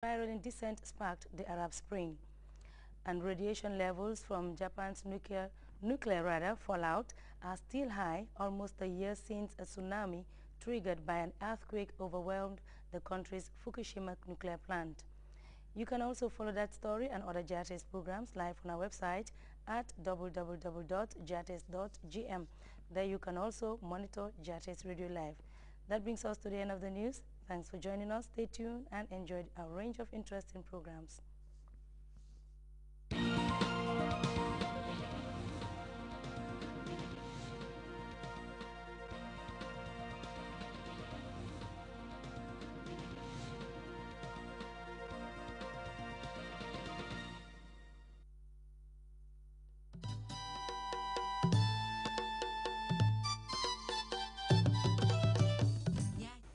spiraling descent sparked the Arab Spring, and radiation levels from Japan's nuclear, nuclear radar fallout are still high almost a year since a tsunami triggered by an earthquake overwhelmed the country's Fukushima nuclear plant. You can also follow that story and other JATES programs live on our website at www.jates.gm. There you can also monitor JATES Radio Live. That brings us to the end of the news. Thanks for joining us. Stay tuned and enjoy a range of interesting programs.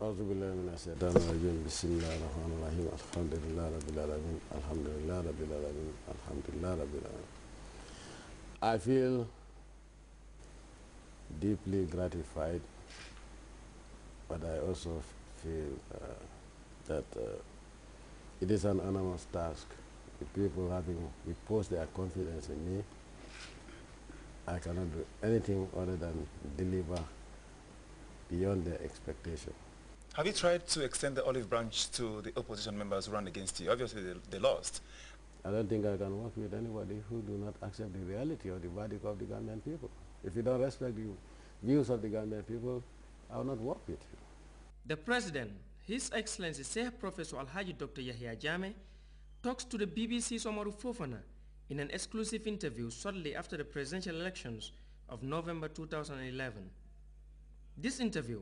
أعوذ بالله من الشيطان الرجيم بسم الله الرحمن الرحيم الحمد لله رب العالمين الحمد لله رب العالمين الحمد لله رب العالمين I feel deeply gratified but I also feel uh, that uh, it is an enormous task the people having reposed their confidence in me I cannot do anything other than deliver beyond their expectation. Have you tried to extend the olive branch to the opposition members who ran against you? Obviously, they, they lost. I don't think I can work with anybody who do not accept the reality or the verdict of the Gambian people. If you don't respect the views of the Gambian people, I will not work with you. The President, His Excellency Sheikh Professor Alhaji Dr. Yahya Jame, talks to the BBC's Omaru Fofana in an exclusive interview shortly after the presidential elections of November 2011. This interview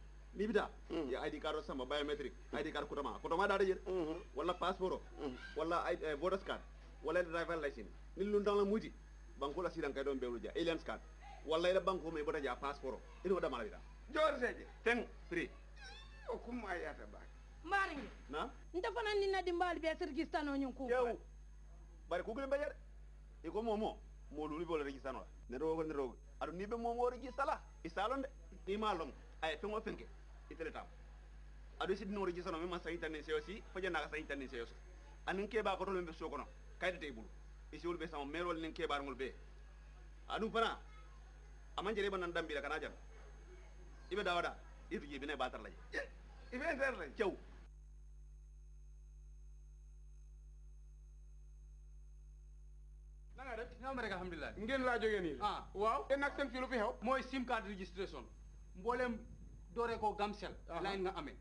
nibida hmm. ya id card sama biometric hmm. id card kutama kutama da jere hmm. wala passport wala eh, voter card wala driver license ni lu ndang la muji banko la sidan kay don card wala ila banko me bota ja passport ino da mala bida jor seje ten pri o oh, kum ayata ba mari na nda fana ni na dimbal be sirgistano nyun ko yow bari ku gele bayar e ko momo mo lu bol registano ne rogo ne rogo adu be momo registala isalonde ni malong ay fengo fenke itele tam adu sid nori jisono mi ma sa ni se si foje na sa ni se so anin ke ba ko tolo be sokono kayde te bulu isi wol be sama merol nin ke bar ngol be adu pana aman jere banan dambi la kana jam ibe dawada itu jibi ne batar lay ibe enter lay ciow nga def nga rek alhamdulilah ngeen laa jógee nii ah waaw te nak seen fi lu fi xew moy sim card registration mboolem dooree ko gamsel line nga amee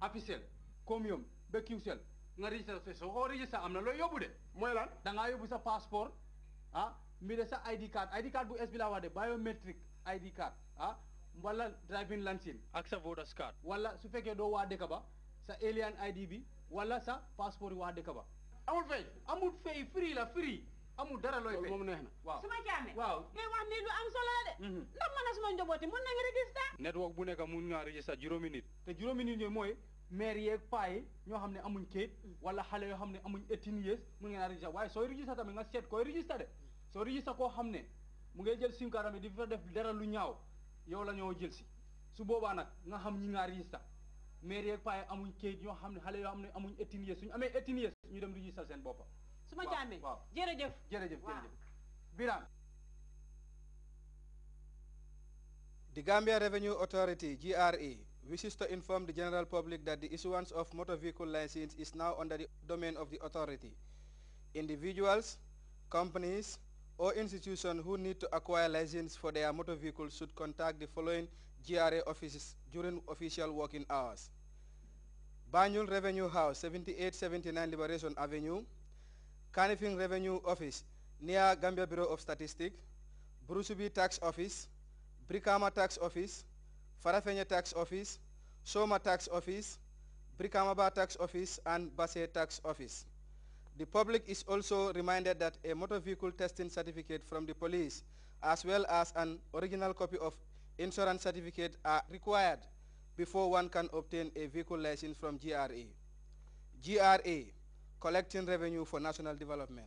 afisel commune ba kiwsel nga registré soo ko registré am na looy yóbbu de mooy lan da ngaa sa passeport ah mbi de sa ID card ID card bu es bi laa wax de biométrique ID card ah driving license ak sa voters card wala su fekkee doo waa dëkk ba sa alien ID bi wala sa passeport yi waa dëkk ba amul fay amul fay free la free amul dara looy fay moom na waaw su ma caamee waaw ngay wax ni lu am solo la de mhm. ndax man a suma njabooti mun nañu register network bu nekk mun ngaa register juróomi nit te juróomi nit mooy maire yeeg paa ñoo xam ne amuñ kayit mm. wala xale yoo xam ne amuñ eighteen years mun ngeen a register waaye sooy register tamit nga seet koy register de soo register koo xam ne mu ngay jël sim card di fa def dara lu ñaaw yow la ñoo jël si su boobaa nag nga xam ñi ngaa register maire yeeg paa yi amuñ xam ne xale yoo xam ne amuñ eighteen suñu amee eighteen ñu dem register seen boppa The Gambia Revenue Authority, GRA, wishes to inform the general public that the issuance of motor vehicle license is now under the domain of the authority. Individuals, companies, or institutions who need to acquire license for their motor vehicles should contact the following GRA offices during official working hours. Banyul Revenue House, 7879 Liberation Avenue, Kanifing Revenue Office near Gambia Bureau of Statistics, Brusubi Tax Office, Brikama Tax Office, Farafenya Tax Office, Soma Tax Office, Brikamaba Tax Office, and Basse Tax Office. The public is also reminded that a motor vehicle testing certificate from the police, as well as an original copy of insurance certificate are required before one can obtain a vehicle license from GRA. GRA collecting revenue for national development.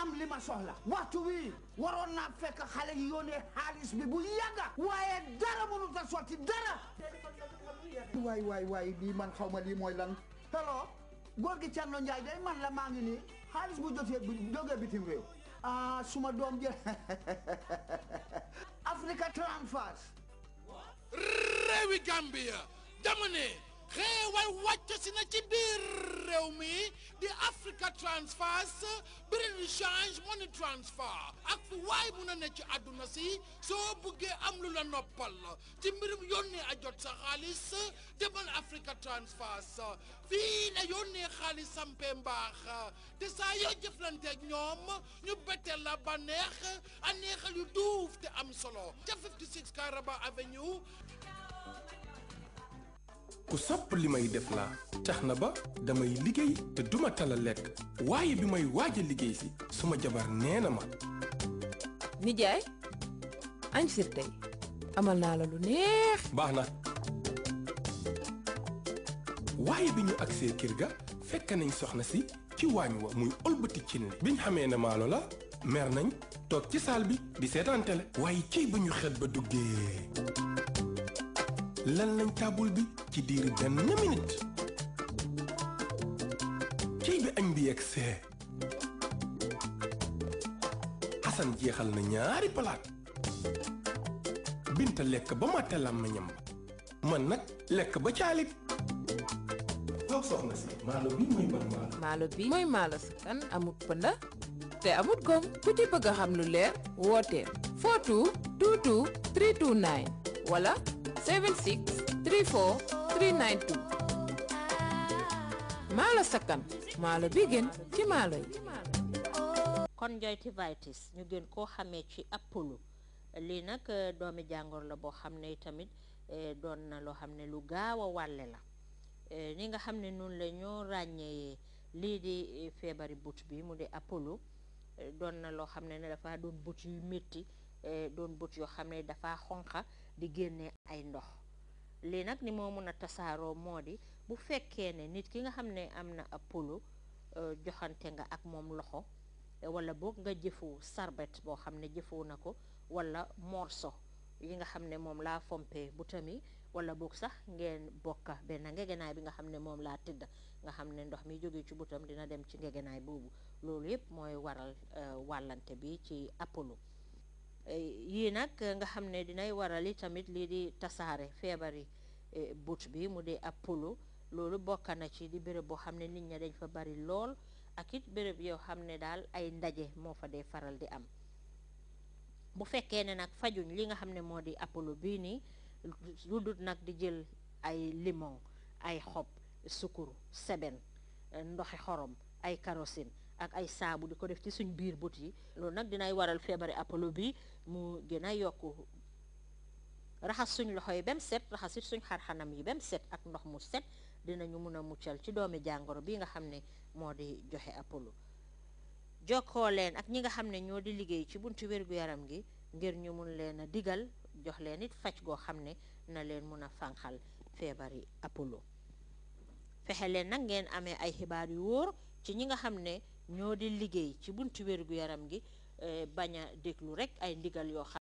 am li ma soxla waxtu wi waroon naa fekk xale yi yónnee xaalis bi bu yàgga waaye dara mënut a sotti dara waay waay waay man xaw ma lii mooy lan hello góor gi Thierno Ndiaye day man la maa ngi nii xaalis bu jotee bu jógee bitim réew ah suma doom jël Africa Transfers réewi Gambia dama ne xeewal wàcc si na ci biir réew mi di Africa Transfers biri change money transfer ak fu waay mun a ne ci àdduna si soo buggee am lu la noppal ci mbirum yónnee a jot sa xaalis demal Africa Transfers fii la yónnee xaalis sampee mbaax te saa yoo jëflanteeg ñoom ñu betteel la ba neex a neexal yu duuf te am solo ca 56 Kairaba Avenue ku sopp li may def laa tax na ba damay liggéey te duma tala lekk waaye bi may waaj liggéey si suma jabar nee na ma nijaay añ sir tey amal naa la lu neex baax na waaye bi ñu agsee kër ga fekk nañ soxna si ci waañ wa muy ëlbati cin li biñ xamee ne maalo la mer nañ toog ci saal bi di seetaan télé waaye ciy ba ñu xet ba duggee lan lañ taabul bi ci diiru benn minute cey bi añ bi yegg see Xasan jeexal na ñaari palaat Binta lekk ba màtte làmmiñam ba man nag lekk ba caalib loo soxna si maalo bi mooy ban maalo maalo kan amut pënda te amut gom ku ci bëgg xam lu leer wootee 42 76343932 maalo sakkan maalo bigen ci maaloy kon joyti vitis ñu gën koo xamee ci appolo lii nag euh, doomi jàngoro la boo xam ne tamit euh, doon na loo xam ne lu gaaw a wàlle la ni euh, nga xam ne noonu la ñoo ràññeyee lii di feebari but bi mu di apollo doon na loo xam ne ne dafa doon but yu métti Euh, doon but yoo xam ne dafa xonqa di génne ay ndox lii nag ni moo mën a tasaaroo moo di bu fekkee ne nit ki nga xam ne am na ab polo euh, joxante nga ak moom loxo wala boog nga jëfu sarbet boo xam ne jëfoo na ko walla morso yi nga xam ne moom laa fompe bu tami wala boog sax ngeen bokka benn ngegenaay bi nga xam ne moom laa tëdd nga xam ne ndox mi jóge ci butam dina dem ci ngegenaay boobu loolu yépp mooy waral euh, wàllante bi ci apollo Eh, yi nag eh, nga xam ne dinay warali tamit lii di tasaare feebari eh, but bi mu di appulu loolu bokka na ci di béréb boo xam ne nit ña dañ fa bari lool ak it béréb yoo xam ne daal ay ndaje moo fa dee faral di am bu fekkee ne nag fajuñ li nga xam ne moo di appulu bii nii ludut nag di jël ay limon ay xob sukur seben ndoxi xorom ay carosine ak ay saabu di ko def ci suñ biir but yi loolu nag dinay waral feebari apollo bi mu gën a yokk raxas suñ loxo yi ba set raxasit suñ xarxanam yi ba mu set ak ndox mu set dina ñu mun a muccal ci doomi jàngoro bi nga xam ne moo di joxe apollo jokkoo leen ak ñi nga xam ne ñoo di liggéey ci buntu wér yaram gi ngir ñu mun leen a digal jox leen it faj goo xam ne na leen mun a fànqal feebari apollo fexe leen nag ngeen amee ay xibaar yu wóor ci ñi nga xam ne ñoo di liggéey ci buntu wér gu yaram gi eh, bañ a déglu rek ay ndigal yoo xam